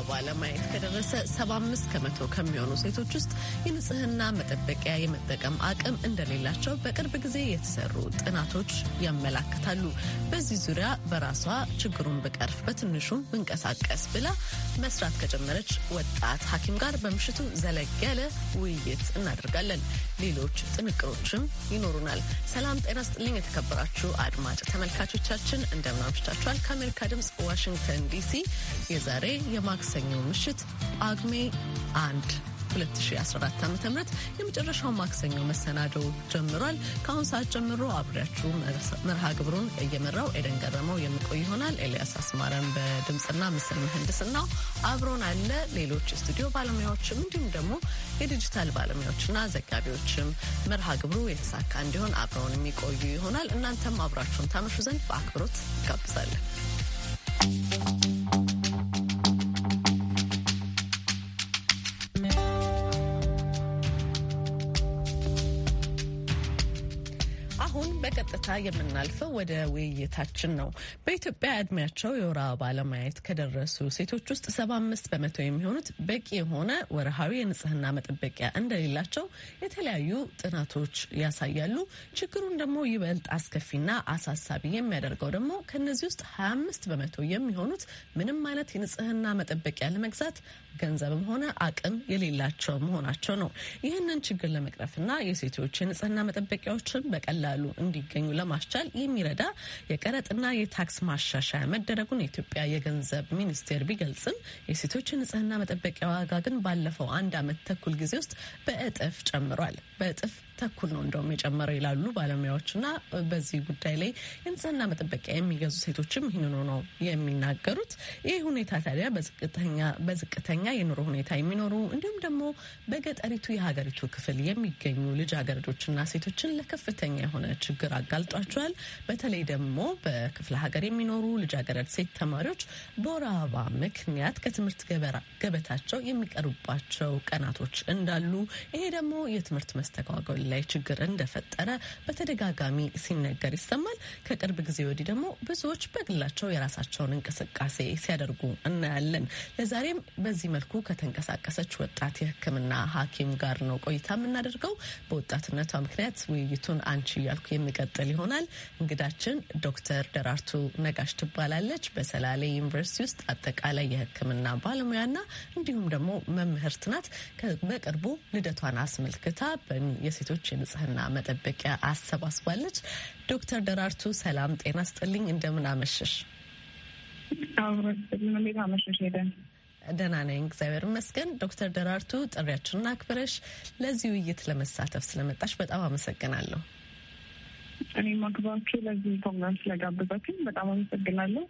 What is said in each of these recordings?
አበባ ለማየት ከደረሰ 75 ከመቶ ከሚሆኑ ሴቶች ውስጥ የንጽህና መጠበቂያ የመጠቀም አቅም እንደሌላቸው በቅርብ ጊዜ የተሰሩ ጥናቶች ያመላክታሉ። በዚህ ዙሪያ በራሷ ችግሩን ብቀርፍ በትንሹም ብንቀሳቀስ ብላ መስራት ከጀመረች ወጣት ሐኪም ጋር በምሽቱ ዘለግ ያለ ውይይት እናደርጋለን። ሌሎች ጥንቅሮችም ይኖሩናል። ሰላም ጤና ስጥልኝ። የተከበራችሁ አድማጭ ተመልካቾቻችን እንደምናምሽታችኋል። ከአሜሪካ ድምጽ ዋሽንግተን ዲሲ የዛሬ የማክስ ማክሰኞ ምሽት አግሜ አንድ 2014 ዓ ም የመጨረሻው ማክሰኞ መሰናዶ ጀምሯል። ከአሁን ሰዓት ጀምሮ አብሬያችሁ መርሃ ግብሩን እየመራው ኤደን ገረመው የሚቆይ ይሆናል። ኤልያስ አስማረን በድምፅና ምስል ምህንድስናው አብሮን አለ። ሌሎች ስቱዲዮ ባለሙያዎችም እንዲሁም ደግሞ የዲጂታል ባለሙያዎችና ዘጋቢዎችም መርሃ ግብሩ የተሳካ እንዲሆን አብረውን የሚቆዩ ይሆናል። እናንተም አብራችሁን ታመሹ ዘንድ በአክብሮት እንጋብዛለን። በቀጥታ የምናልፈው ወደ ውይይታችን ነው። በኢትዮጵያ እድሜያቸው የወር አበባ ለማየት ከደረሱ ሴቶች ውስጥ ሰባ አምስት በመቶ የሚሆኑት በቂ የሆነ ወርሃዊ የንጽህና መጠበቂያ እንደሌላቸው የተለያዩ ጥናቶች ያሳያሉ። ችግሩን ደግሞ ይበልጥ አስከፊና አሳሳቢ የሚያደርገው ደግሞ ከነዚህ ውስጥ ሀያ አምስት በመቶ የሚሆኑት ምንም አይነት የንጽህና መጠበቂያ ለመግዛት ገንዘብም ሆነ አቅም የሌላቸው መሆናቸው ነው። ይህንን ችግር ለመቅረፍና የሴቶች የንጽህና መጠበቂያዎችን በቀላሉ እንዲ እንዲገኙ ለማስቻል የሚረዳ የቀረጥና የታክስ ማሻሻያ መደረጉን የኢትዮጵያ የገንዘብ ሚኒስቴር ቢገልጽም የሴቶች ንጽህና መጠበቂያ ዋጋ ግን ባለፈው አንድ ዓመት ተኩል ጊዜ ውስጥ በእጥፍ ጨምሯል። በእጥፍ ተኩል ነው እንደውም የጨመረው ይላሉ ባለሙያዎች። እና በዚህ ጉዳይ ላይ የንጽህና መጠበቂያ የሚገዙ ሴቶችም ይህንኑ ነው የሚናገሩት። ይህ ሁኔታ ታዲያ በዝቅተኛ የኑሮ ሁኔታ የሚኖሩ እንዲሁም ደግሞ በገጠሪቱ የሀገሪቱ ክፍል የሚገኙ ልጃገረዶችና ሴቶችን ለከፍተኛ የሆነ ችግር አጋልጧቸዋል። በተለይ ደግሞ በክፍለ ሀገር የሚኖሩ ልጃገረድ ሴት ተማሪዎች በወር አበባ ምክንያት ከትምህርት ገበታቸው የሚቀሩባቸው ቀናቶች እንዳሉ ይሄ ደግሞ የትምህርት መስተጓጎል ላይ ችግር እንደፈጠረ በተደጋጋሚ ሲነገር ይሰማል። ከቅርብ ጊዜ ወዲህ ደግሞ ብዙዎች በግላቸው የራሳቸውን እንቅስቃሴ ሲያደርጉ እናያለን። ለዛሬም በዚህ መልኩ ከተንቀሳቀሰች ወጣት የሕክምና ሐኪም ጋር ነው ቆይታ የምናደርገው። በወጣትነቷ ምክንያት ውይይቱን አንቺ እያልኩ የሚቀጥል ይሆናል። እንግዳችን ዶክተር ደራርቱ ነጋሽ ትባላለች። በሰላሌ ዩኒቨርሲቲ ውስጥ አጠቃላይ የሕክምና ባለሙያና እንዲሁም ደግሞ መምህርት ናት። በቅርቡ ልደቷን አስመልክታ የሴቶች ሰዎች የንጽህና መጠበቂያ አሰባስባለች። ዶክተር ደራርቱ ሰላም ጤና ስጥልኝ፣ እንደምን አመሸሽ? ደህና ነኝ እግዚአብሔር ይመስገን። ዶክተር ደራርቱ ጥሪያችንን አክብረሽ ለዚህ ውይይት ለመሳተፍ ስለመጣሽ በጣም አመሰግናለሁ። እኔም አክብራችሁ ለዚህ ኮንፈረንስ ስለጋበዛችሁኝ በጣም አመሰግናለሁ።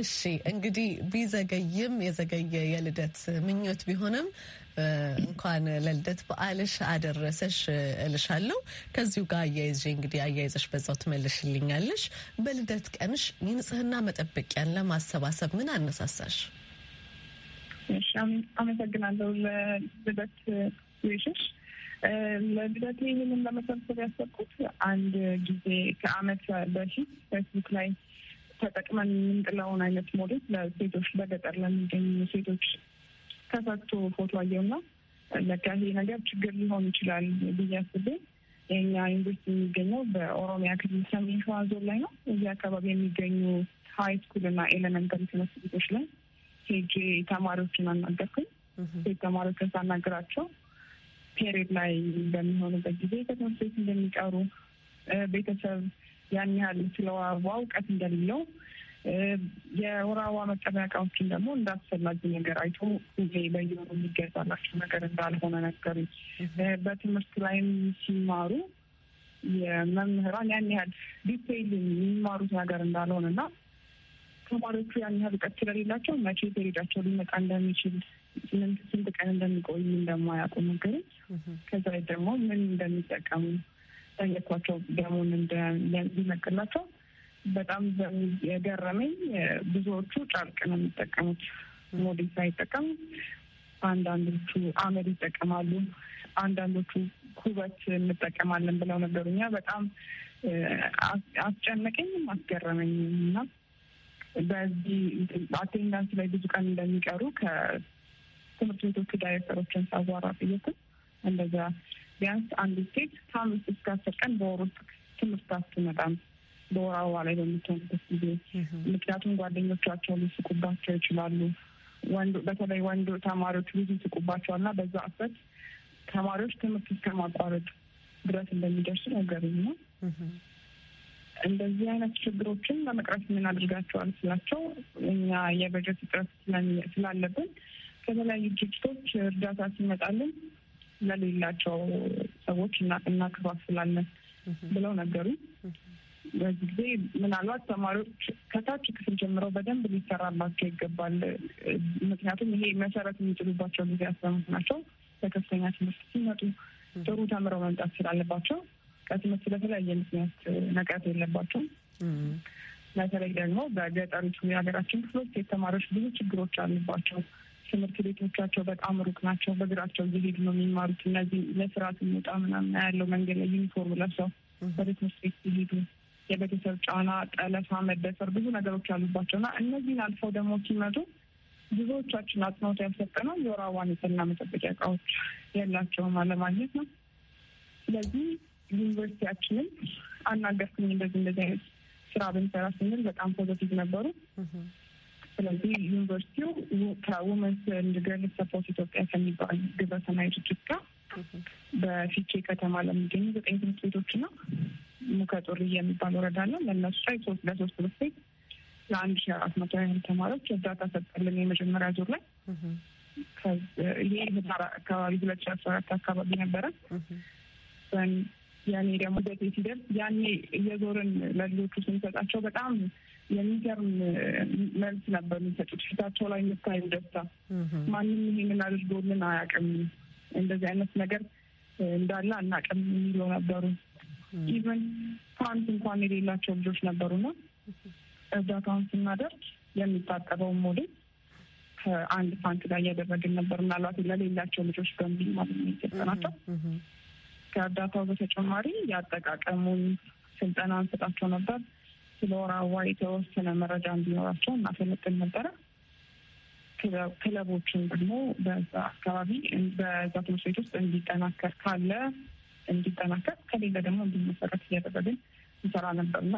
እሺ እንግዲህ ቢዘገይም የዘገየ የልደት ምኞት ቢሆንም እንኳን ለልደት በዓልሽ አደረሰሽ እልሻለሁ። ከዚሁ ጋር አያይዤ እንግዲህ አያይዘሽ በዛው ትመልሽልኛለሽ። በልደት ቀንሽ የንጽህና መጠበቂያን ለማሰባሰብ ምን አነሳሳሽ? አመሰግናለሁ ለልደት ሽሽ ለልደት ይህንን ለመሰብሰብ ያሰብኩት አንድ ጊዜ ከአመት በፊት ፌስቡክ ላይ ተጠቅመን የምንጥለውን አይነት ሞዴል ለሴቶች በገጠር ለሚገኙ ሴቶች ተሰጥቶ ፎቶ አየውና ለካ ይሄ ነገር ችግር ሊሆን ይችላል ብዬ አስቤ የኛ ዩኒቨርሲቲ የሚገኘው በኦሮሚያ ክልል ሰሜን ሸዋ ዞን ላይ ነው። እዚህ አካባቢ የሚገኙ ሀይ ስኩል እና ኤሌመንተሪ ትምህርት ቤቶች ላይ ሄጄ ተማሪዎችን አናገርኩኝ። ሴት ተማሪዎች ሳናግራቸው ፔሬድ ላይ በሚሆኑበት ጊዜ ከትምህርት ቤት እንደሚቀሩ ቤተሰብ ያን ያህል ስለ ወር አበባ እውቀት እንደሌለው የወር አበባ መቀበያ እቃዎችን ደግሞ እንዳስፈላጊ ነገር አይቶ ጊዜ በየወሩ የሚገዛላቸው ነገር እንዳልሆነ ነገሩ። በትምህርት ላይም ሲማሩ የመምህራን ያን ያህል ዲቴይል የሚማሩት ነገር እንዳልሆነ እና ተማሪዎቹ ያን ያህል እውቀት ስለሌላቸው መቼ ፔሪዳቸው ሊመጣ እንደሚችል ስንት ቀን እንደሚቆዩ እንደማያውቁ ነገሩ ከዛ ደግሞ ምን እንደሚጠቀሙ ጠየኳቸው ደሞን እንዲመቅላቸው በጣም የገረመኝ ብዙዎቹ ጨርቅ ነው የሚጠቀሙት። ሞዴል ሳይጠቀም አንዳንዶቹ አመድ ይጠቀማሉ፣ አንዳንዶቹ ኩበት እንጠቀማለን ብለው ነገሩኛ። በጣም አስጨነቀኝም አስገረመኝ እና በዚህ አቴንዳንስ ላይ ብዙ ቀን እንደሚቀሩ ከትምህርት ቤቶቹ ዳይሬክተሮችን ሳዋራ ጥየትም እንደዛ ቢያንስ አንድ ሴት ከአምስት እስከ አስር ቀን በወር ውስጥ ትምህርት አትመጣም በወር አበባ ላይ በምትሆንበት ጊዜ። ምክንያቱም ጓደኞቻቸው ሊስቁባቸው ይችላሉ። ወንዶ በተለይ ወንዶ ተማሪዎች ብዙ ይስቁባቸዋል ና በዛ አፈት ተማሪዎች ትምህርት እስከማቋረጥ ድረስ እንደሚደርሱ ነገሩኝ ነው። እንደዚህ አይነት ችግሮችን ለመቅረፍ ምን አድርጋቸዋል ስላቸው እኛ የበጀት እጥረት ስላለብን ከተለያዩ ድርጅቶች እርዳታ ሲመጣልን ለሌላቸው ሰዎች እናከፋፍላለን ብለው ነገሩ። በዚህ ጊዜ ምናልባት ተማሪዎች ከታች ክፍል ጀምረው በደንብ ሊሰራባቸው ይገባል። ምክንያቱም ይሄ መሰረት የሚጥሉባቸው ያስተምት ናቸው። ለከፍተኛ ትምህርት ሲመጡ ጥሩ ተምረው መምጣት ስላለባቸው ከትምህርት በተለያየ ምክንያት ነቀት የለባቸውም። በተለይ ደግሞ በገጠሪቱ የሀገራችን ክፍሎች የተማሪዎች ብዙ ችግሮች አሉባቸው። ትምህርት ቤቶቻቸው በጣም ሩቅ ናቸው። በእግራቸው እየሄዱ ነው የሚማሩት። እነዚህ ለስራ ስንወጣ ምናምን ያለው መንገድ ላይ ዩኒፎርም ለብሰው ወደ ትምህርት ቤት ሲሄዱ የቤተሰብ ጫና፣ ጠለፋ፣ መደፈር ብዙ ነገሮች አሉባቸው እና እነዚህን አልፈው ደግሞ ሲመጡ ብዙዎቻችን አጽንኦት ያልሰጠነው የወር አበባ ንጽህና መጠበቂያ እቃዎች የላቸውም አለማግኘት ነው። ስለዚህ ዩኒቨርሲቲያችንን አናገርኩኝ እንደዚህ እንደዚህ አይነት ስራ ብንሰራ ስንል በጣም ፖዘቲቭ ነበሩ። ስለዚህ ዩኒቨርሲቲው ከውመንስ ኤንድ ገርልስ ሰፖርት ኢትዮጵያ ከሚባል ግብረሰናይ ድርጅት ጋር በፊቼ ከተማ ለሚገኙ ዘጠኝ ትምህርት ቤቶች ና ሙከጦሪ የሚባል ወረዳ አለ። ለእነሱ ላይ ሶስት ለሶስት ትምህርት ለአንድ ሺ አራት መቶ ያህል ተማሪዎች እርዳታ ሰጠልን የመጀመሪያ ዙር ላይ። ይሄ ህዳር አካባቢ ሁለት ሺ አስራ አራት አካባቢ ነበረ። ያኔ ደግሞ ዘቴ ሲደርስ ያኔ እየዞርን ለልጆቹ ስንሰጣቸው በጣም የሚገርም መልስ ነበር የሚሰጡት። ፊታቸው ላይ የምታዩ ደስታ ማንም ይሄንን አድርጎልን አያውቅም፣ እንደዚህ አይነት ነገር እንዳለ አናውቅም የሚለው ነበሩ። ኢቨን ፓንት እንኳን የሌላቸው ልጆች ነበሩና እርዳታውን ስናደርግ የሚታጠበውን ሞዴል ከአንድ ፓንት ጋር እያደረግን ነበር። ምናልባት ለሌላቸው ልጆች በሚል ማለት ነው የሰጠናቸው ከእርዳታው በተጨማሪ የአጠቃቀሙን ስልጠና እንሰጣቸው ነበር። ስለ ወር አበባ የተወሰነ መረጃ እንዲኖራቸው እናሰለጥን ነበረ። ክለቦችን ደግሞ በዛ አካባቢ በዛ ትምህርት ቤት ውስጥ እንዲጠናከር ካለ እንዲጠናከር ከሌለ ደግሞ እንዲመሰረት እያደረግን እንሰራ ነበር እና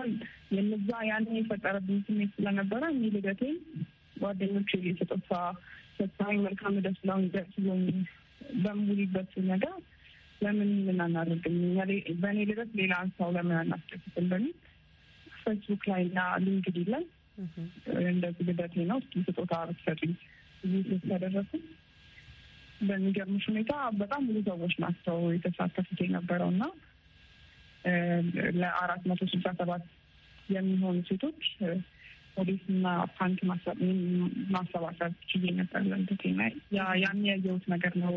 የነዛ ያንን የፈጠረብኝ ስሜት ስለነበረ እኔ ልደቴን ጓደኞች የተጠፋ ሰታኝ መልካም ደስላውን ላሁን ደስ በሙሉበት ነገር ለምን ምን አናደርግም በእኔ ልደት ሌላ ሰው ለምን አናስደስትም በሚል ፌስቡክ ላይ እና ሊንክድ ይለን እንደዚህ ልደቴ ነው እስኪ ስጦታ ብትሰጡኝ እዚህ ስለተደረሱ በሚገርምሽ ሁኔታ በጣም ብዙ ሰዎች ናቸው የተሳተፉት የነበረው እና ለአራት መቶ ስልሳ ሰባት የሚሆኑ ሴቶች ፖሊስና ፓንክ ማሰባሰብ ችዬ ነበር ለንትቴና ያን ያየሁት ነገር ነው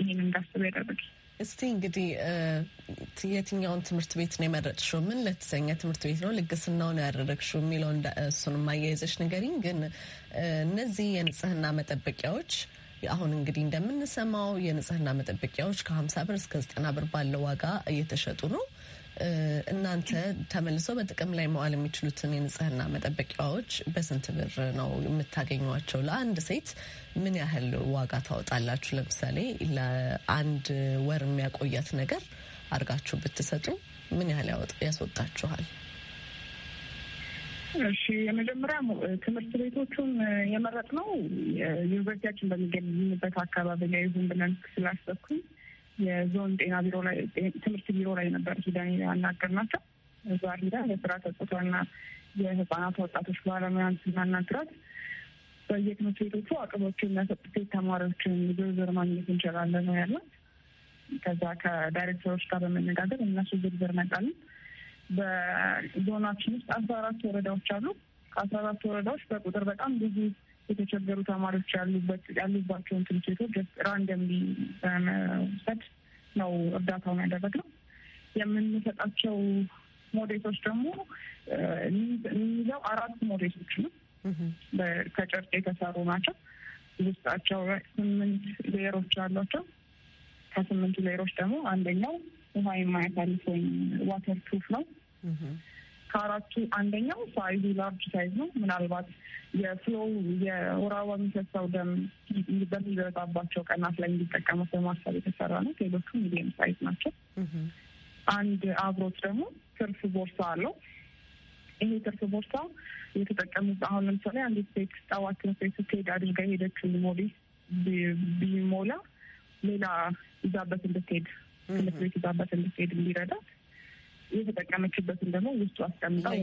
ይህንን እንዳስብ ያደረግ እስቲ እንግዲህ የትኛውን ትምህርት ቤት ነው የመረጥሽው? ምን ለተሰኘ ትምህርት ቤት ነው ልግስናውን ያደረግሽው የሚለው እሱን ማያይዘሽ ንገሪኝ። ግን እነዚህ የንጽህና መጠበቂያዎች አሁን እንግዲህ እንደምንሰማው የንጽህና መጠበቂያዎች ከ50 ብር እስከ 90 ብር ባለው ዋጋ እየተሸጡ ነው። እናንተ ተመልሰው በጥቅም ላይ መዋል የሚችሉትን የንጽህና መጠበቂያዎች በስንት ብር ነው የምታገኟቸው? ለአንድ ሴት ምን ያህል ዋጋ ታወጣላችሁ? ለምሳሌ ለአንድ ወር የሚያቆያት ነገር አድርጋችሁ ብትሰጡ ምን ያህል ያስወጣችኋል? እሺ፣ የመጀመሪያ ትምህርት ቤቶቹን የመረጥ ነው ዩኒቨርሲቲያችን በሚገኝበት አካባቢ ላይ ይሁን ብለን ስላሰብኩኝ የዞን ጤና ቢሮ ላይ ትምህርት ቢሮ ላይ ነበር ሂደን ናቸው። እዛ ሂዳ የስራ ተጽቷና የህጻናት ወጣቶች ባለሙያን ስናናግራት በየትምህርት ቤቶቹ አቅሞችን የሚያሰጡት ተማሪዎችን ዝርዝር ማግኘት እንችላለን ነው ያለን። ከዛ ከዳይሬክተሮች ጋር በመነጋገር እነሱ ዝርዝር ነቃልን። በዞናችን ውስጥ አስራ አራት ወረዳዎች አሉ። ከአስራ አራት ወረዳዎች በቁጥር በጣም ብዙ የተቸገሩ ተማሪዎች ያሉባቸውን ትምህርት ቤቶች ራንደምሊ በመውሰድ ነው እርዳታውን ያደረግነው። የምንሰጣቸው ሞዴቶች ደግሞ የሚይዘው አራት ሞዴቶች ነው። ከጨርቅ የተሰሩ ናቸው። ውስጣቸው ስምንት ሌየሮች አሏቸው። ከስምንቱ ሌየሮች ደግሞ አንደኛው ውሃ የማያሳልፍ ወይም ዋተር ፕሩፍ ነው። ከአራቱ አንደኛው ሳይዙ ላርጅ ሳይዝ ነው። ምናልባት የፍሎው የወር አበባ የሚፈሳው ደም በሚበዛባቸው ቀናት ላይ እንዲጠቀሙት በማሰብ የተሰራ ነው። ሌሎቹ ሚዲየም ሳይዝ ናቸው። አንድ አብሮት ደግሞ ትርፍ ቦርሳ አለው። ይሄ ትርፍ ቦርሳ የተጠቀሙት አሁን ለምሳሌ አንድ ሴት ጠዋት ትምህርት ቤት ስትሄድ አድርጋ የሄደችው ሞዴል ቢሞላ ሌላ ይዛበት እንድትሄድ ትምህርት ቤት ይዛበት እንድትሄድ እንዲረዳት የተጠቀመችበትን ደግሞ ውስጡ አስቀምጠው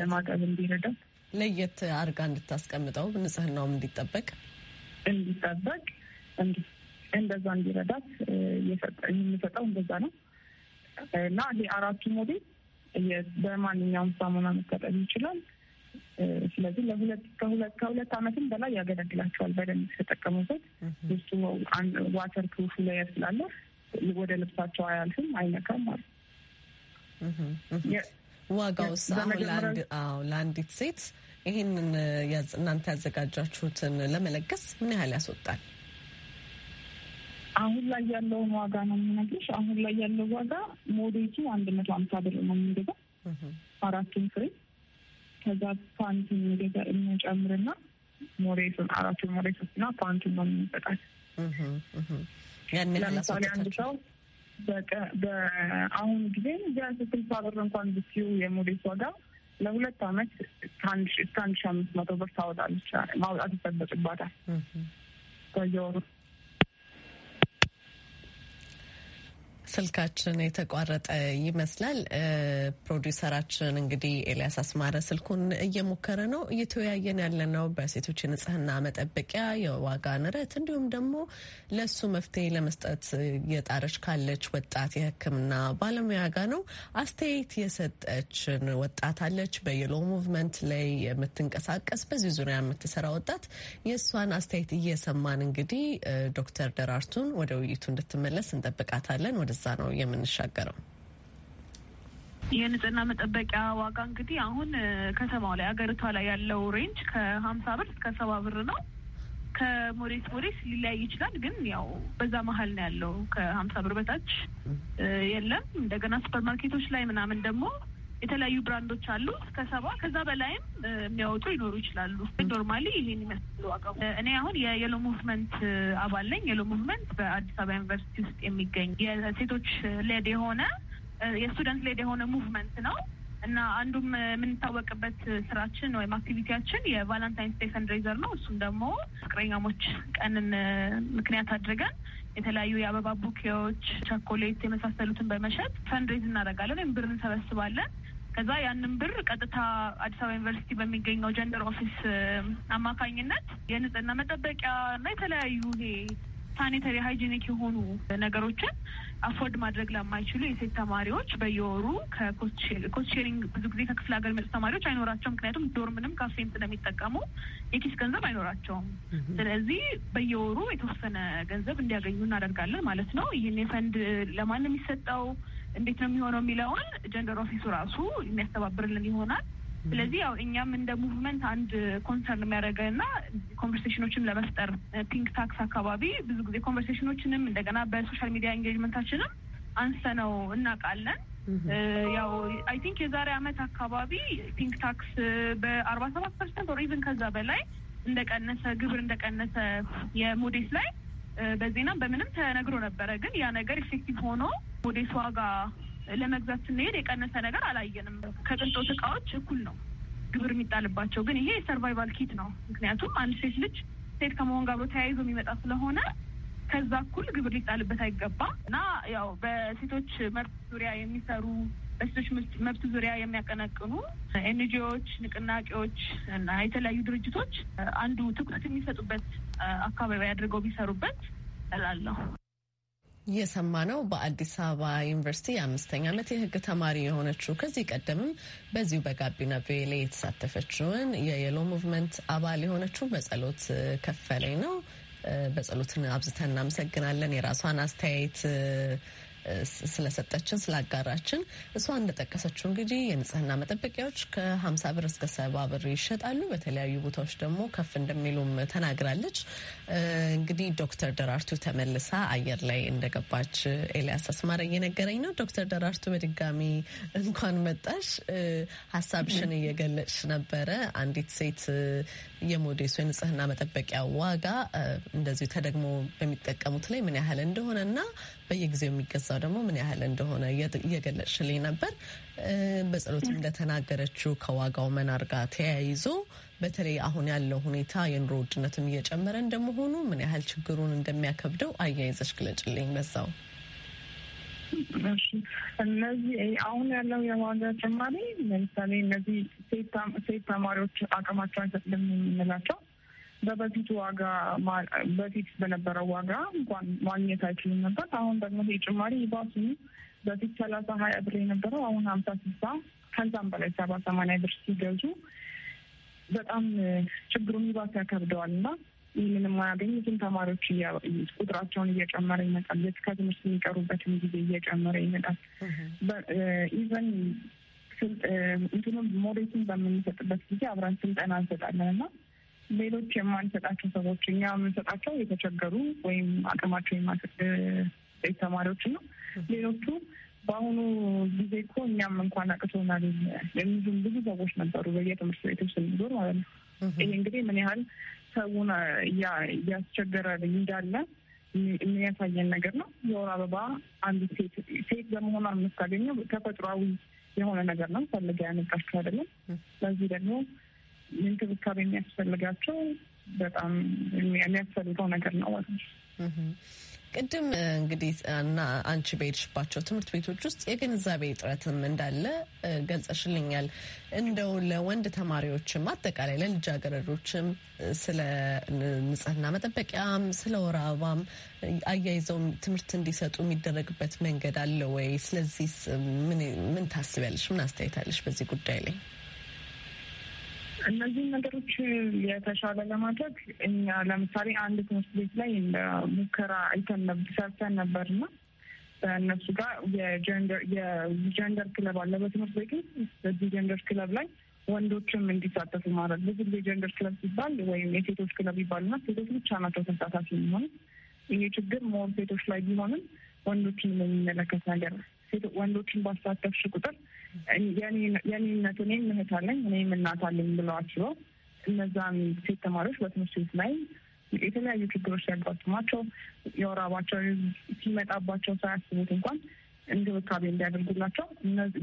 ለማቀብ እንዲረዳ ለየት አድርጋ እንድታስቀምጠው ንጽህናውም እንዲጠበቅ እንዲጠበቅ እንደዛ እንዲረዳት የምሰጠው እንደዛ ነው እና ይሄ አራቱ ሞዴል በማንኛውም ሳሙና መታጠብ ይችላል። ስለዚህ ለሁለት ከሁለት ከሁለት ዓመትም በላይ ያገለግላቸዋል። በደንብ የተጠቀሙበት ውስጡ ዋተር ፕሩፍ ሌየር ስላለ ወደ ልብሳቸው አያልፍም፣ አይነካም ማለት ነው። ዋጋውስ አሁን ለአንዲት ሴት ይህንን እናንተ ያዘጋጃችሁትን ለመለገስ ምን ያህል ያስወጣል? አሁን ላይ ያለውን ዋጋ ነው የምነግርሽ። አሁን ላይ ያለው ዋጋ ሞዴቱ አንድ መቶ አምሳ ብር ነው የምንገዛው አራቱን ፍሬ። ከዛ ፓንቱን የሚገዛ እንጨምርና ሞዴቱን አራቱን ሞዴቶችና ፓንቱን ነው የምንሰጣል። ለምሳሌ አንድ ሰው በአሁኑ ጊዜ ቢያንስ ስልሳ ብር እንኳን ብትዩ የሞዴስ ዋጋ ለሁለት አመት ከአንድ ሺ አምስት መቶ ብር ታወጣለች፣ ማውጣት ይጠበቅባታል በየወሩ ስልካችን የተቋረጠ ይመስላል። ፕሮዲውሰራችን እንግዲህ ኤልያስ አስማረ ስልኩን እየሞከረ ነው። እየተወያየን ነው በሴቶች የንጽህና መጠበቂያ የዋጋ ንረት እንዲሁም ደግሞ ለሱ መፍትሄ ለመስጠት የጣረች ካለች ወጣት የህክምና ባለሙያ ጋር ነው። አስተያየት የሰጠችን ወጣት አለች፣ በየሎ ሙቭመንት ላይ የምትንቀሳቀስ በዚህ ዙሪያ የምትሰራ ወጣት። የእሷን አስተያየት እየሰማን እንግዲህ ዶክተር ደራርቱን ወደ ውይይቱ እንድትመለስ እንጠብቃታለን። ወደዛ ነው የምንሻገረው። የንጽህና መጠበቂያ ዋጋ እንግዲህ አሁን ከተማው ላይ አገሪቷ ላይ ያለው ሬንጅ ከሀምሳ ብር እስከ ሰባ ብር ነው። ከሞሬስ ሞሬስ ሊለያይ ይችላል፣ ግን ያው በዛ መሀል ነው ያለው። ከሀምሳ ብር በታች የለም። እንደገና ሱፐር ማርኬቶች ላይ ምናምን ደግሞ የተለያዩ ብራንዶች አሉ። እስከ ሰባ ከዛ በላይም የሚያወጡ ይኖሩ ይችላሉ። ኖርማሊ ይህን ይመስሉ ዋጋው እኔ አሁን የየሎ ሙቭመንት አባል ነኝ። የሎ ሙቭመንት በአዲስ አበባ ዩኒቨርሲቲ ውስጥ የሚገኝ የሴቶች ሌድ የሆነ የስቱደንት ሌድ የሆነ ሙቭመንት ነው እና አንዱም የምንታወቅበት ስራችን ወይም አክቲቪቲያችን የቫለንታይንስ ዴይ ፈንድሬዘር ነው። እሱም ደግሞ ፍቅረኛሞች ቀንን ምክንያት አድርገን የተለያዩ የአበባ ቡኬዎች፣ ቸኮሌት የመሳሰሉትን በመሸጥ ፈንድሬዝ እናደርጋለን ወይም ብር እንሰበስባለን። ከዛ ያንን ብር ቀጥታ አዲስ አበባ ዩኒቨርሲቲ በሚገኘው ጀንደር ኦፊስ አማካኝነት የንጽህና መጠበቂያ እና የተለያዩ ይሄ ሳኒተሪ ሃይጂኒክ የሆኑ ነገሮችን አፎርድ ማድረግ ለማይችሉ የሴት ተማሪዎች በየወሩ ከኮስት ብዙ ጊዜ ከክፍለ ሀገር የሚመጡ ተማሪዎች አይኖራቸው። ምክንያቱም ዶርምንም ካፌም ስለሚጠቀሙ የኪስ ገንዘብ አይኖራቸውም። ስለዚህ በየወሩ የተወሰነ ገንዘብ እንዲያገኙ እናደርጋለን ማለት ነው። ይህን የፈንድ ለማን የሚሰጠው? እንዴት ነው የሚሆነው የሚለውን ጀንደር ኦፊሱ ራሱ የሚያስተባብርልን ይሆናል። ስለዚህ ያው እኛም እንደ ሙቭመንት አንድ ኮንሰርን የሚያደርገን ኮንቨርሴሽኖችን ለመፍጠር ፒንክ ታክስ አካባቢ ብዙ ጊዜ ኮንቨርሴሽኖችንም እንደገና በሶሻል ሚዲያ ኤንጌጅመንታችንም አንስተነው እናውቃለን። ያው አይ ቲንክ የዛሬ አመት አካባቢ ፒንክ ታክስ በአርባ ሰባት ፐርሰንት ኦር ኢቭን ከዛ በላይ እንደቀነሰ ግብር እንደቀነሰ የሞዴስ ላይ በዜናም በምንም ተነግሮ ነበረ። ግን ያ ነገር ኢፌክቲቭ ሆኖ ወዴት ዋጋ ለመግዛት ስንሄድ የቀነሰ ነገር አላየንም። ከቅንጦት እቃዎች እኩል ነው ግብር የሚጣልባቸው። ግን ይሄ የሰርቫይቫል ኪት ነው። ምክንያቱም አንድ ሴት ልጅ ሴት ከመሆን ጋር ተያይዞ የሚመጣ ስለሆነ ከዛ እኩል ግብር ሊጣልበት አይገባም እና ያው በሴቶች መብት ዙሪያ የሚሰሩ በሴቶች መብት ዙሪያ የሚያቀነቅኑ ኤንጂኦዎች፣ ንቅናቄዎች እና የተለያዩ ድርጅቶች አንዱ ትኩረት የሚሰጡበት አካባቢ አድርገው ቢሰሩበት እላለሁ። የሰማ ነው። በአዲስ አበባ ዩኒቨርሲቲ የአምስተኛ ዓመት የሕግ ተማሪ የሆነችው ከዚህ ቀደምም በዚሁ በጋቢና ቬሌ የተሳተፈችውን የየሎ ሙቭመንት አባል የሆነችው በጸሎት ከፈለኝ ነው። በጸሎትን አብዝተን እናመሰግናለን። የራሷን አስተያየት ስለሰጠችን ስላጋራችን። እሷ እንደጠቀሰችው እንግዲህ የንጽህና መጠበቂያዎች ከ ብር እስከ ሰባ ብር ይሸጣሉ። በተለያዩ ቦታዎች ደግሞ ከፍ እንደሚሉም ተናግራለች። እንግዲህ ዶክተር ደራርቱ ተመልሳ አየር ላይ እንደገባች ኤልያስ አስማረ እየነገረኝ ነው። ዶክተር ደራርቱ በድጋሚ እንኳን መጣሽ። ሀሳብሽን እየገለጽሽ ነበረ አንዲት ሴት የሞዴሱ የንጽህና መጠበቂያ ዋጋ እንደዚሁ ተደግሞ በሚጠቀሙት ላይ ምን ያህል እንደሆነ እና በየጊዜው የሚገዛው ደግሞ ምን ያህል እንደሆነ እየገለጽሽልኝ ነበር። በጸሎት እንደተናገረችው ከዋጋው መናር ጋር ተያይዞ በተለይ አሁን ያለው ሁኔታ የኑሮ ውድነትም እየጨመረ እንደመሆኑ ምን ያህል ችግሩን እንደሚያከብደው አያይዘሽ ግለጭልኝ በዛው እነዚህ አሁን ያለው የዋጋ ጭማሪ ለምሳሌ እነዚህ ሴት ተማሪዎች አቅማቸው አይፈቅድም የምንላቸው በበፊቱ ዋጋ በፊት በነበረው ዋጋ እንኳን ማግኘት አይችሉም ነበር። አሁን ደግሞ ይህ ጭማሪ ይባሱ በፊት ሰላሳ ሀያ ብር የነበረው አሁን ሀምሳ ስልሳ ከዛም በላይ ሰባ ሰማንያ ብር ሲገዙ በጣም ችግሩን ይባስ ያከብደዋል እና ይህንን ማያገኝ ግን ተማሪዎች ቁጥራቸውን እየጨመረ ይመጣል። ከትምህርት የሚቀሩበትን ጊዜ እየጨመረ ይመጣል። ኢቨን እንትኑን ሞዴቱን በምንሰጥበት ጊዜ አብረን ስልጠና እንሰጣለን እና ሌሎች የማንሰጣቸው ሰዎች እኛ የምንሰጣቸው የተቸገሩ ወይም አቅማቸው የማይፈቅድ ተማሪዎች ነው። ሌሎቹ በአሁኑ ጊዜ እኮ እኛም እንኳን አቅቶናል የሚዙም ብዙ ሰዎች ነበሩ በየትምህርት ቤቶች ስንዞር ማለት ነው። ይሄ እንግዲህ ምን ያህል ሰውን እያስቸገረ እንዳለ የሚያሳየን ነገር ነው። የወር አበባ አንዲት ሴት ሴት በመሆኗ የምታገኘው ተፈጥሯዊ የሆነ ነገር ነው። ፈልገ ያመጣችው አይደለም። ለዚህ ደግሞ እንክብካቤ የሚያስፈልጋቸው በጣም የሚያስፈልገው ነገር ነው ማለት ነው። ቅድም እንግዲህ እና አንቺ በሄድሽባቸው ትምህርት ቤቶች ውስጥ የግንዛቤ እጥረትም እንዳለ ገልጸሽልኛል። እንደው ለወንድ ተማሪዎችም አጠቃላይ ለልጃገረዶችም ስለ ንጽህና መጠበቂያም ስለ ወር አበባም አያይዘው ትምህርት እንዲሰጡ የሚደረግበት መንገድ አለ ወይ? ስለዚህ ምን ታስቢያለሽ? ምን አስተያየታለሽ በዚህ ጉዳይ ላይ? እነዚህን ነገሮች የተሻለ ለማድረግ እኛ ለምሳሌ አንድ ትምህርት ቤት ላይ እንደ ሙከራ አይተን ሰርተን ነበር እና በእነሱ ጋር የጀንደር ክለብ አለ በትምህርት ቤት በዚህ ጀንደር ክለብ ላይ ወንዶችም እንዲሳተፉ ማድረግ። ብዙ ጊዜ ጀንደር ክለብ ሲባል ወይም የሴቶች ክለብ ይባል ይባልና ሴቶች ብቻ ናቸው ተሳታፊ የሚሆኑ። ይሄ ችግር ሞር ሴቶች ላይ ቢሆንም ወንዶችን የሚመለከት ነገር፣ ወንዶችን ባሳተፍሽ ቁጥር የኔነት እኔም እህት አለኝ እኔም እናት አለኝ እነዛን ሴት ተማሪዎች በትምህርት ቤት ላይ የተለያዩ ችግሮች ሲያጋጥሟቸው የወር አበባቸው ሲመጣባቸው ሳያስቡት እንኳን እንክብካቤ እንዲያደርጉላቸው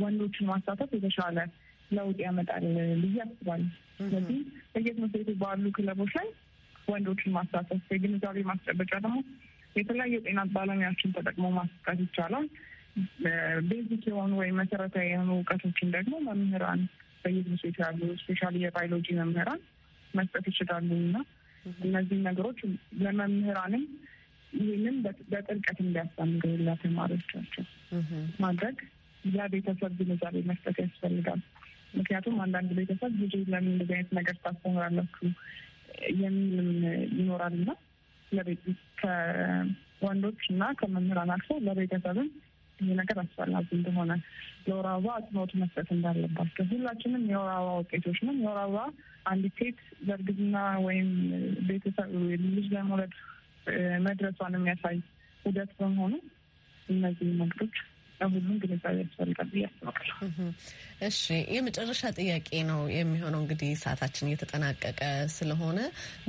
ወንዶችን ማሳተፍ የተሻለ ለውጥ ያመጣል ብዬ አስባለሁ። ስለዚህ በየትምህርት ቤቱ ባሉ ክለቦች ላይ ወንዶችን ማሳተፍ፣ የግንዛቤ ማስጨበጫ ደግሞ የተለያዩ ጤና ባለሙያዎችን ተጠቅሞ ማስቀት ይቻላል። ቤዚክ የሆኑ ወይም መሰረታዊ የሆኑ እውቀቶችን ደግሞ መምህራን በየትምህርት ቤቱ ያሉ ስፔሻሊ የባዮሎጂ መምህራን መስጠት ይችላሉ እና እነዚህ ነገሮች ለመምህራንም ይህንን በጥልቀት እንዲያስተምሩ ለተማሪዎቻቸው ማድረግ ለቤተሰብ ግንዛቤ መስጠት ያስፈልጋል። ምክንያቱም አንዳንድ ቤተሰብ ብዙ ለምን እንደዚህ አይነት ነገር ታስተምራላችሁ የሚልም ይኖራል እና ከወንዶች እና ከመምህራን አልፎ ለቤተሰብም ይህ ነገር አስፈላጊ እንደሆነ ለወር አበባ አጽንኦት መስጠት እንዳለባቸው ሁላችንም የወር አበባ ውጤቶች ነን። የወር አበባ አንዲት ሴት በእርግዝና ወይም ቤተሰብ ልጅ ለመውለድ መድረሷን የሚያሳይ ሂደት በመሆኑ እነዚህ ነገሮች ሁሉም ግንዛቤ ያስፈልጋል ብዬ አስባለሁ። እሺ የመጨረሻ ጥያቄ ነው የሚሆነው እንግዲህ ሰዓታችን እየተጠናቀቀ ስለሆነ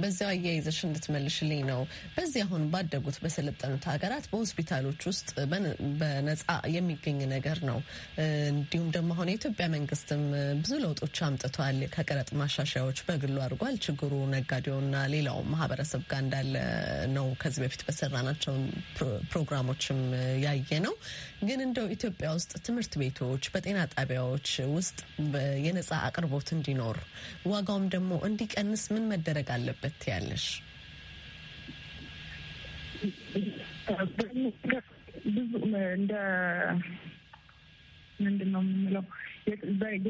በዚያው አያይዘሽ እንድትመልሽልኝ ነው። በዚህ አሁን ባደጉት በሰለጠኑት ሀገራት በሆስፒታሎች ውስጥ በነጻ የሚገኝ ነገር ነው። እንዲሁም ደግሞ አሁን የኢትዮጵያ መንግስትም ብዙ ለውጦች አምጥቷል። ከቀረጥ ማሻሻያዎች በግሉ አድርጓል። ችግሩ ነጋዴውና ሌላው ማህበረሰብ ጋር እንዳለ ነው። ከዚህ በፊት በሰራናቸው ፕሮግራሞችም ያየ ነው ግን እንደው ኢትዮጵያ ውስጥ ትምህርት ቤቶች፣ በጤና ጣቢያዎች ውስጥ የነጻ አቅርቦት እንዲኖር ዋጋውም ደግሞ እንዲቀንስ ምን መደረግ አለበት ያለሽ? ብዙ እንደ ምንድን ነው የምንለው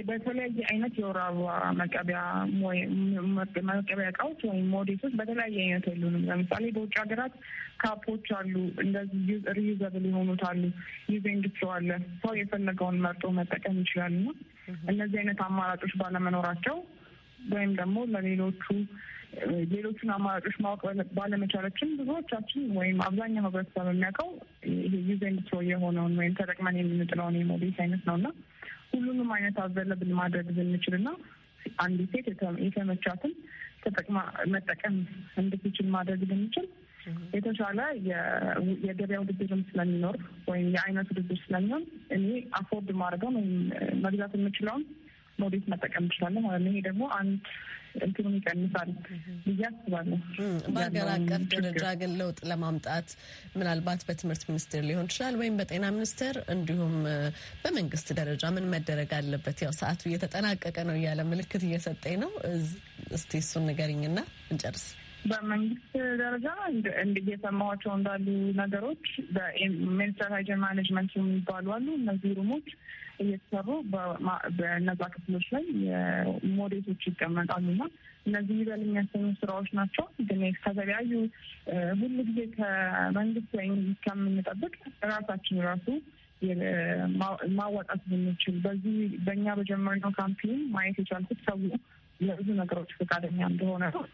በተለያየ አይነት የወር አበባ መቀቢያ መቀቢያ እቃዎች ወይም ሞዴሶች በተለያየ አይነት የሉንም። ለምሳሌ በውጭ ሀገራት ካፖች አሉ፣ እንደዚህ ሪዩዘብል የሆኑት አሉ። ዩዜንግ አለ ሰው የፈለገውን መርጦ መጠቀም ይችላል። እና እነዚህ አይነት አማራጮች ባለመኖራቸው ወይም ደግሞ ለሌሎቹ ሌሎቹን አማራጮች ማወቅ ባለመቻላችን ብዙዎቻችን ወይም አብዛኛው ህብረተሰብ የሚያውቀው ይሄ ዩዝ ኤንድ የሆነውን ወይም ተጠቅመን የምንጥለውን የሞዴስ አይነት ነው እና ሁሉንም አይነት አቬለብል ማድረግ ብንችል እና አንዲት ሴት የተመቻትን ተጠቅማ መጠቀም እንድትችል ማድረግ ብንችል የተሻለ የገበያ ውድድርም ስለሚኖር ወይም የአይነት ውድድር ስለሚሆን እኔ አፎርድ ማድረገውን ወይም መግዛት የምችለውን ሞዴት መጠቀም እንችላለን ማለት ነው። ይሄ ደግሞ አንድ እንትኑን ይቀንሳል ብዬ አስባለሁ። በሀገር አቀፍ ደረጃ ግን ለውጥ ለማምጣት ምናልባት በትምህርት ሚኒስቴር ሊሆን ይችላል ወይም በጤና ሚኒስቴር እንዲሁም በመንግስት ደረጃ ምን መደረግ አለበት? ያው ሰዓቱ እየተጠናቀቀ ነው እያለ ምልክት እየሰጠኝ ነው። እስቲ እሱን ንገሪኝና እንጨርስ። በመንግስት ደረጃ እየሰማኋቸው እንዳሉ ነገሮች በሜንስትራል ሃይጀን ማኔጅመንት የሚባሉ አሉ። እነዚህ ሩሞች እየተሰሩ በነዛ ክፍሎች ላይ ሞዴቶች ይቀመጣሉ እና እነዚህ ይበል የሚያሰኙ ስራዎች ናቸው። ግን ከተለያዩ ሁሉ ጊዜ ከመንግስት ላይ ከምንጠብቅ ራሳችን ራሱ ማወጣት ብንችል በዚህ በእኛ በጀመርነው ካምፔን ማየት የቻልኩት ሰው ለብዙ ነገሮች ፈቃደኛ እንደሆነ ነው።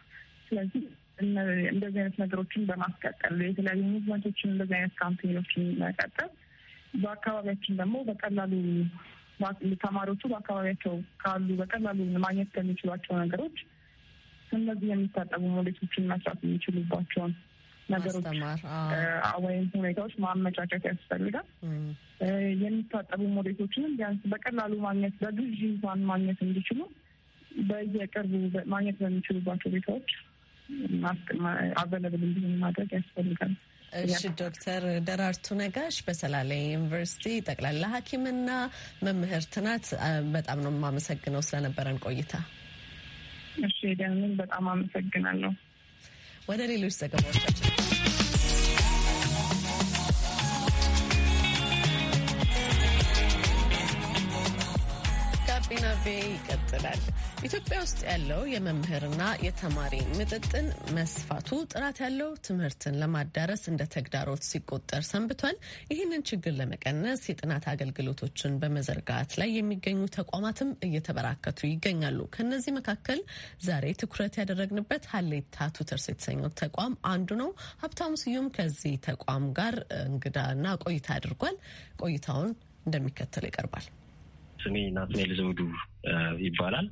ስለዚህ እንደዚህ አይነት ነገሮችን በማስቀጠል የተለያዩ ሙቭመንቶችን እንደዚህ አይነት ካምፔኖችን መቀጠል በአካባቢያችን ደግሞ በቀላሉ ተማሪዎቹ በአካባቢያቸው ካሉ በቀላሉ ማግኘት ከሚችሏቸው ነገሮች እነዚህ የሚታጠቡ ሞዴቶችን መስራት የሚችሉባቸውን ነገሮች ወይም ሁኔታዎች ማመቻቸት ያስፈልጋል። የሚታጠቡ ሞዴቶችንም ቢያንስ በቀላሉ ማግኘት በግዢ እንኳን ማግኘት እንዲችሉ በየቅርቡ ማግኘት በሚችሉባቸው ቤታዎች አቬለብል እንዲሆን ማድረግ ያስፈልጋል። እሺ ዶክተር ደራርቱ ነጋሽ በሰላሌ ዩኒቨርሲቲ ጠቅላላ ሐኪምና መምህርት ናት። በጣም ነው የማመሰግነው ስለነበረን ቆይታ። እሺ ደምን በጣም አመሰግናለሁ። ወደ ሌሎች ዘገባዎቻችን ካፌ ይቀጥላል። ኢትዮጵያ ውስጥ ያለው የመምህርና የተማሪ ምጥጥን መስፋቱ ጥራት ያለው ትምህርትን ለማዳረስ እንደ ተግዳሮት ሲቆጠር ሰንብቷል። ይህንን ችግር ለመቀነስ የጥናት አገልግሎቶችን በመዘርጋት ላይ የሚገኙ ተቋማትም እየተበራከቱ ይገኛሉ። ከነዚህ መካከል ዛሬ ትኩረት ያደረግንበት ሀሌታ ቱተርስ የተሰኘው ተቋም አንዱ ነው። ሀብታሙ ስዩም ከዚህ ተቋም ጋር እንግዳና ቆይታ አድርጓል። ቆይታውን እንደሚከተል ይቀርባል። ስሜ ናትናኤል ዘውዱ ይባላል።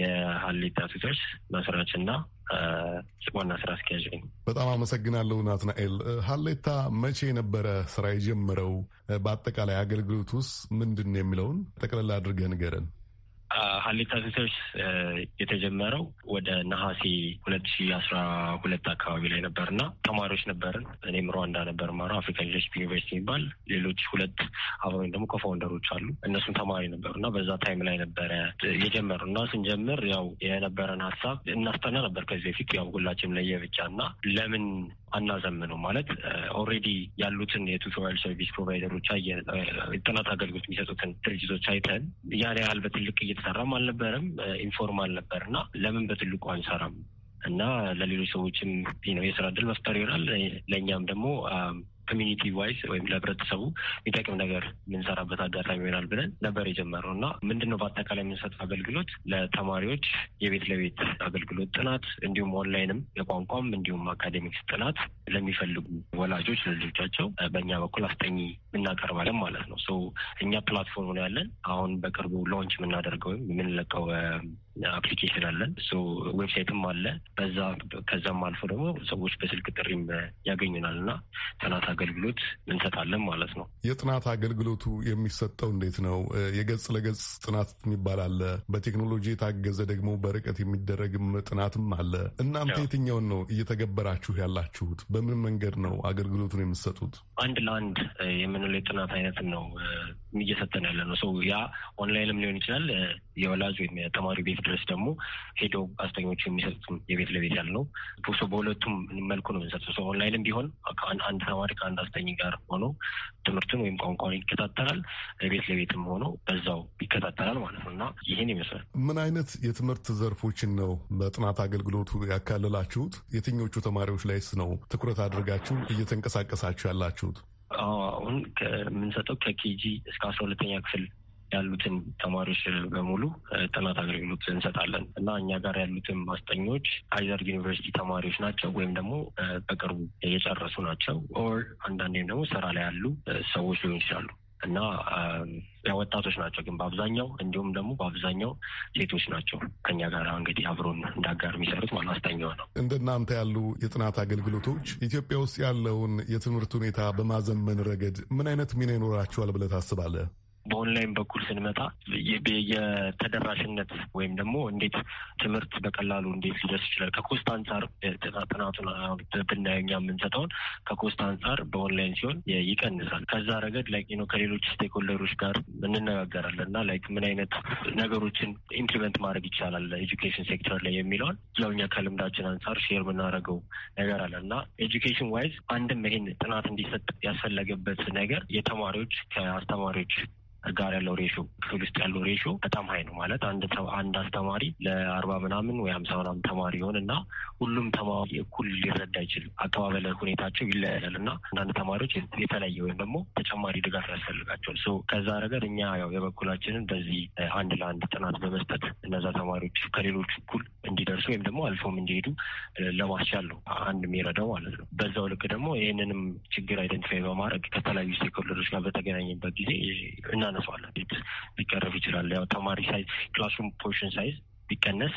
የሀሌታ ሴቶች መስራችና ዋና ስራ አስኪያጅ ነኝ። በጣም አመሰግናለሁ ናትናኤል። ሀሌታ መቼ ነበረ ስራ የጀመረው? በአጠቃላይ አገልግሎት ውስጥ ምንድን ነው የሚለውን ጠቅለላ አድርገህ ንገረን። ሀሊታ ሴቶች የተጀመረው ወደ ነሐሴ ሁለት ሺ አስራ ሁለት አካባቢ ላይ ነበር እና ተማሪዎች ነበርን። እኔም ሩዋንዳ ነበር የማረው አፍሪካ ሌደርሺፕ ዩኒቨርሲቲ የሚባል ሌሎች ሁለት አብረኝ ደግሞ ኮፋውንደሮች አሉ። እነሱም ተማሪ ነበሩ እና በዛ ታይም ላይ ነበረ የጀመሩ እና ስንጀምር ያው የነበረን ሀሳብ እናስጠና ነበር ከዚህ በፊት ያው ሁላችንም ለየብቻ እና ለምን አናዘምነው ማለት ኦሬዲ ያሉትን የቱቶሪያል ሰርቪስ ፕሮቫይደሮች የጥናት አገልግሎት የሚሰጡትን ድርጅቶች አይተን ያን ያህል በትልቅ እየተሰራም አልነበረም፣ ኢንፎርም አልነበር እና ለምን በትልቁ አንሰራም እና ለሌሎች ሰዎችም ነው የስራ እድል መፍጠር ይሆናል ለእኛም ደግሞ ኮሚኒቲ ዋይስ ወይም ለህብረተሰቡ የሚጠቅም ነገር የምንሰራበት አጋጣሚ ይሆናል ብለን ነበር የጀመረው እና ምንድን ነው በአጠቃላይ የምንሰጠው አገልግሎት ለተማሪዎች የቤት ለቤት አገልግሎት ጥናት፣ እንዲሁም ኦንላይንም የቋንቋም እንዲሁም አካዴሚክስ ጥናት ለሚፈልጉ ወላጆች ለልጆቻቸው በእኛ በኩል አስጠኝ እናቀርባለን ማለት ነው። እኛ ፕላትፎርም ነው ያለን። አሁን በቅርቡ ሎንች የምናደርገው ወይም የምንለቀው አፕሊኬሽን አለን። እሱ ዌብሳይትም አለ። በዛ ከዛም አልፎ ደግሞ ሰዎች በስልክ ጥሪም ያገኙናል እና ጥናት አገልግሎት እንሰጣለን ማለት ነው። የጥናት አገልግሎቱ የሚሰጠው እንዴት ነው? የገጽ ለገጽ ጥናት የሚባል አለ። በቴክኖሎጂ የታገዘ ደግሞ በርቀት የሚደረግም ጥናትም አለ። እናንተ የትኛውን ነው እየተገበራችሁ ያላችሁት? በምን መንገድ ነው አገልግሎቱን የምትሰጡት? አንድ ለአንድ የምንለው የጥናት አይነትን ነው እየሰጠን ያለ ነው። ሰው ያ ኦንላይንም ሊሆን ይችላል። የወላጅ ወይም የተማሪ ቤት ድረስ ደግሞ ሄዶ አስተኞቹ የሚሰጡ የቤት ለቤት ነው። ሶ በሁለቱም መልኩ ነው የምንሰጠው። ሰው ኦንላይንም ቢሆን አንድ ተማሪ ከአንድ አስተኝ ጋር ሆኖ ትምህርቱን ወይም ቋንቋን ይከታተላል። ቤት ለቤትም ሆኖ በዛው ይከታተላል ማለት ነው እና ይህን ይመስላል። ምን አይነት የትምህርት ዘርፎችን ነው በጥናት አገልግሎቱ ያካለላችሁት? የትኞቹ ተማሪዎች ላይስ ነው ትኩረት አድርጋችሁ እየተንቀሳቀሳችሁ ያላችሁት? አሁን ከምንሰጠው ከኬጂ እስከ አስራ ሁለተኛ ክፍል ያሉትን ተማሪዎች በሙሉ ጥናት አገልግሎት እንሰጣለን እና እኛ ጋር ያሉትን ማስጠኞች አይዘር ዩኒቨርሲቲ ተማሪዎች ናቸው ወይም ደግሞ በቅርቡ የጨረሱ ናቸው ኦር አንዳንዴም ደግሞ ስራ ላይ ያሉ ሰዎች ሊሆን ይችላሉ። እና ወጣቶች ናቸው ግን በአብዛኛው እንዲሁም ደግሞ በአብዛኛው ሴቶች ናቸው ከኛ ጋር እንግዲህ አብሮን እንዳጋር የሚሰሩት ማናስተኛው ነው። እንደ እናንተ ያሉ የጥናት አገልግሎቶች ኢትዮጵያ ውስጥ ያለውን የትምህርት ሁኔታ በማዘመን ረገድ ምን አይነት ሚና ይኖራቸዋል ብለህ ታስባለህ? በኦንላይን በኩል ስንመጣ የተደራሽነት ወይም ደግሞ እንዴት ትምህርት በቀላሉ እንዴት ሊደርስ ይችላል ከኮስት አንጻር ጥናቱን ብናየው እኛ የምንሰጠውን ከኮስት አንጻር በኦንላይን ሲሆን ይቀንሳል። ከዛ ረገድ ላይ ነው ከሌሎች ስቴክሆልደሮች ጋር እንነጋገራለን እና ላይክ ምን አይነት ነገሮችን ኢምፕሊመንት ማድረግ ይቻላል ኤጁኬሽን ሴክተር ላይ የሚለውን ያው እኛ ከልምዳችን አንጻር ሼር የምናደርገው ነገር አለ እና ኤጁኬሽን ዋይዝ አንድም ይሄን ጥናት እንዲሰጥ ያስፈለገበት ነገር የተማሪዎች ከአስተማሪዎች ጋር ያለው ሬሾ ክፍል ውስጥ ያለው ሬሾ በጣም ሀይ ነው ማለት አንድ አንድ አስተማሪ ለአርባ ምናምን ወይ ሀምሳ ምናምን ተማሪ ይሆን እና ሁሉም ተማሪ እኩል ሊረዳ አይችልም። አቀባበል ሁኔታቸው ይለያያል እና አንዳንድ ተማሪዎች የተለየ ወይም ደግሞ ተጨማሪ ድጋፍ ያስፈልጋቸዋል። ከዛ ረገድ እኛ ያው የበኩላችንን በዚህ አንድ ለአንድ ጥናት በመስጠት እነዛ ተማሪዎች ከሌሎች እኩል እንዲደርሱ ወይም ደግሞ አልፎም እንዲሄዱ ለማስቻል ነው አንድ የሚረዳው ማለት ነው። በዛው ልክ ደግሞ ይህንንም ችግር አይደንቲፋይ በማድረግ ከተለያዩ ስቴክሆልደሮች ጋር በተገናኘበት ጊዜ እና እናነሳዋለን። እንዴት ሊቀረፍ ይችላል? ያው ተማሪ ሳይዝ ክላስሩም ፖርሽን ሳይዝ ቢቀነስ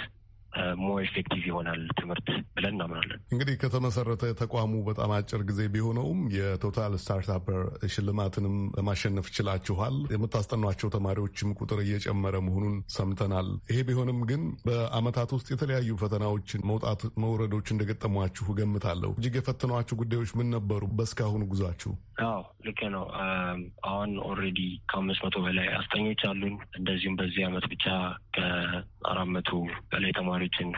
ሞር ኤፌክቲቭ ይሆናል ትምህርት ብለን እናምናለን። እንግዲህ ከተመሰረተ ተቋሙ በጣም አጭር ጊዜ ቢሆነውም የቶታል ስታርታፐር ሽልማትንም ለማሸነፍ ችላችኋል። የምታስጠኗቸው ተማሪዎችም ቁጥር እየጨመረ መሆኑን ሰምተናል። ይሄ ቢሆንም ግን በአመታት ውስጥ የተለያዩ ፈተናዎችን መውጣት መውረዶች እንደገጠሟችሁ እገምታለሁ። እጅግ የፈተኗችሁ ጉዳዮች ምን ነበሩ በእስካሁኑ ጉዟችሁ? አዎ ልክ ነው። አሁን ኦልሬዲ ከአምስት መቶ በላይ አስጠኞች አሉን። እንደዚሁም በዚህ አመት ብቻ ከአራት መቶ በላይ ተማሪዎችን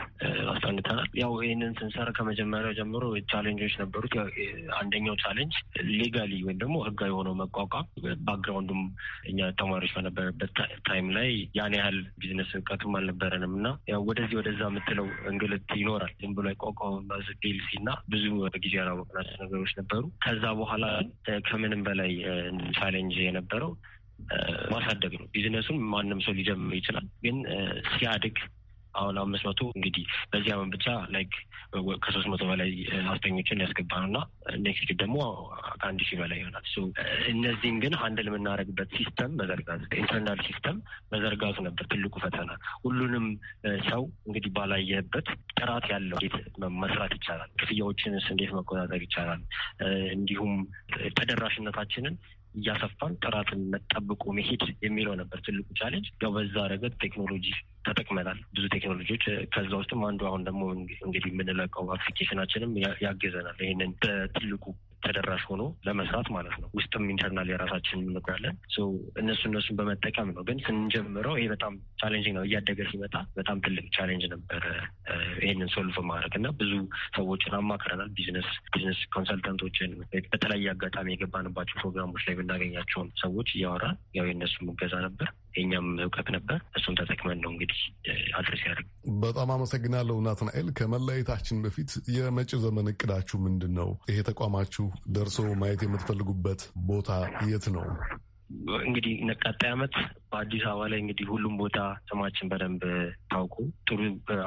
አስጠንተናል። ያው ይህንን ስንሰራ ከመጀመሪያው ጀምሮ ቻሌንጆች ነበሩት። አንደኛው ቻሌንጅ ሌጋሊ ወይም ደግሞ ህጋዊ የሆነው መቋቋም፣ ባክግራውንዱም እኛ ተማሪዎች በነበረበት ታይም ላይ ያን ያህል ቢዝነስ እውቀቱም አልነበረንም እና ያው ወደዚህ ወደዛ የምትለው እንግልት ይኖራል። ዝም ብሎ ይቋቋም ቢልሲ እና ብዙ ጊዜ ያላወቅናቸው ነገሮች ነበሩ። ከዛ በኋላ ከምንም በላይ ቻሌንጅ የነበረው ማሳደግ ነው። ቢዝነሱን ማንም ሰው ሊጀምር ይችላል፣ ግን ሲያድግ አሁን አምስት መቶ እንግዲህ በዚህ አመት ብቻ ላይክ ከሶስት መቶ በላይ አስጠኞችን ያስገባ ነው እና ኔክስት ደግሞ ከአንድ ሺህ በላይ ይሆናል። እነዚህን ግን ሀንድል የምናደርግበት ሲስተም መዘርጋት ኢንተርናል ሲስተም መዘርጋቱ ነበር ትልቁ ፈተና። ሁሉንም ሰው እንግዲህ ባላየበት ጥራት ያለው እንዴት መስራት ይቻላል፣ ክፍያዎችንስ እንዴት መቆጣጠር ይቻላል፣ እንዲሁም ተደራሽነታችንን እያሰፋን ጥራትን መጠብቁ መሄድ የሚለው ነበር ትልቁ ቻሌንጅ። ያው በዛ ረገድ ቴክኖሎጂ ተጠቅመናል። ብዙ ቴክኖሎጂዎች ከዛ ውስጥም አንዱ አሁን ደግሞ እንግዲህ የምንለቀው አፕሊኬሽናችንም ያግዘናል ይህንን በትልቁ ተደራሽ ሆኖ ለመስራት ማለት ነው። ውስጥም ኢንተርናል የራሳችን እንቆያለን። እነሱ እነሱን በመጠቀም ነው። ግን ስንጀምረው ይሄ በጣም ቻሌንጂንግ ነው። እያደገ ሲመጣ በጣም ትልቅ ቻሌንጅ ነበረ ይህንን ሶልቭ ማድረግ እና ብዙ ሰዎችን አማክረናል። ቢዝነስ ቢዝነስ ኮንሰልታንቶችን በተለያየ አጋጣሚ የገባንባቸው ፕሮግራሞች ላይ የምናገኛቸውን ሰዎች እያወራ ያው የእነሱ ሙገዛ ነበር የኛም እውቀት ነበር። እሱን ተጠቅመን ነው እንግዲህ አድረስ ያደርግ። በጣም አመሰግናለሁ ናትናኤል። ከመለያየታችን በፊት የመጪ ዘመን እቅዳችሁ ምንድን ነው? ይሄ ተቋማችሁ ደርሶ ማየት የምትፈልጉበት ቦታ የት ነው? እንግዲህ ነቃጣይ አመት በአዲስ አበባ ላይ እንግዲህ ሁሉም ቦታ ስማችን በደንብ ታውቁ ጥሩ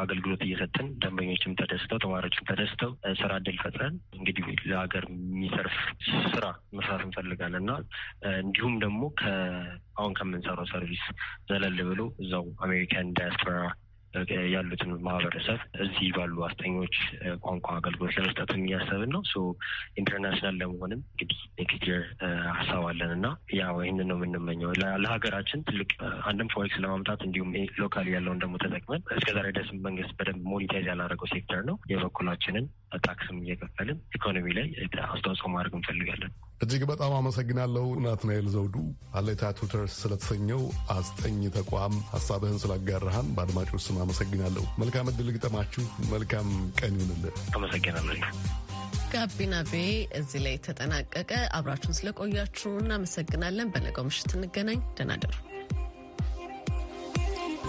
አገልግሎት እየሰጠን ደንበኞችም ተደስተው ተማሪዎችም ተደስተው ስራ እድል ፈጥረን እንግዲህ ለሀገር የሚሰርፍ ስራ መስራት እንፈልጋለን እና እንዲሁም ደግሞ አሁን ከምንሰራው ሰርቪስ ዘለል ብሎ እዛው አሜሪካን ዳያስፖራ ያሉትን ማህበረሰብ እዚህ ባሉ አስጠኞች ቋንቋ አገልግሎት ለመስጠት እያሰብን ነው። ኢንተርናሽናል ለመሆንም እንግዲህ ኔክስት ይር ሀሳብ አለን እና ያው ይህንን ነው የምንመኘው ለሀገራችን ትልቅ አንድም ፎሬክስ ለማምጣት እንዲሁም ሎካል ያለውን ደግሞ ተጠቅመን እስከዛሬ ድረስ መንግስት በደንብ ሞኒታይዝ ያላደረገው ሴክተር ነው የበኩላችንን ታክስም እየከፈልን ኢኮኖሚ ላይ አስተዋጽኦ ማድረግ እንፈልጋለን። እጅግ በጣም አመሰግናለሁ ናትናኤል ዘውዱ አሌታ ቱተርስ ስለተሰኘው አስጠኝ ተቋም ሀሳብህን ስላጋራሃን በአድማጮች ስም አመሰግናለሁ። መልካም እድል ግጠማችሁ። መልካም ቀን ይሁንልን። አመሰግናለሁ። ጋቢና ቤ እዚህ ላይ ተጠናቀቀ። አብራችሁን ስለቆያችሁ እናመሰግናለን። በነገው ምሽት እንገናኝ። ደህና